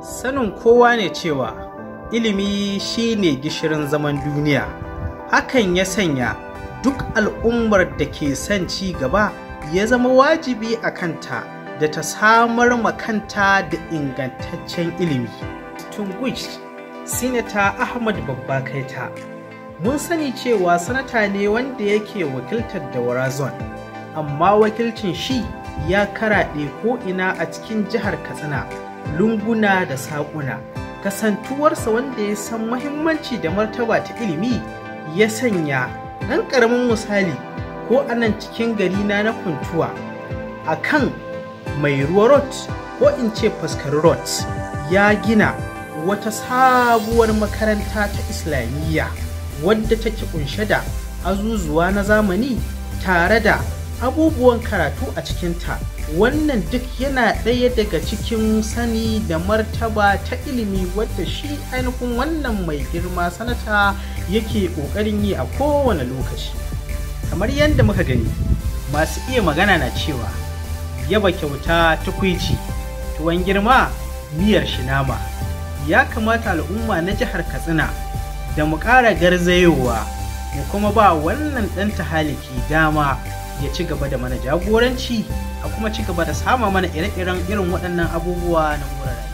sanin kowa ne cewa ilimi shine gishirin zaman duniya hakan ya sanya duk al'ummar da ke son ci gaba ya zama wajibi a kanta da ta samar makanta da ingantaccen ilimi tunguish sinata ahmad babba kaita mun sani cewa sanata ne wanda yake wakiltar da warazon amma wakilcin shi ya karaɗe ko'ina a cikin jihar katsina lunguna da saƙuna kasantuwarsa wanda ya san mahimmanci da martaba ta ilimi ya sanya ɗan ƙaramin misali ko a nan cikin gari na na kuntuwa a kan mai ruwa rot ko in ce fuskar rot ya gina wata sabuwar makaranta ta islamiyya wadda take kunshe da azuzuwa na zamani tare da abubuwan karatu a cikinta wannan duk yana ɗaya daga cikin sani da martaba ta ilimi wadda shi ainihin wannan mai girma sanata yake ƙoƙarin yi a kowane lokaci kamar yadda muka gani masu iya magana na cewa yaba kyauta tukwici tuwon girma miyar shinama ya kamata al'umma na jihar katsina da mu ƙara garzayowa mu kuma ba wannan ɗan ke dama ya ci gaba da mana jagoranci a kuma ci gaba da sama mana ire-iren irin waɗannan abubuwa na mura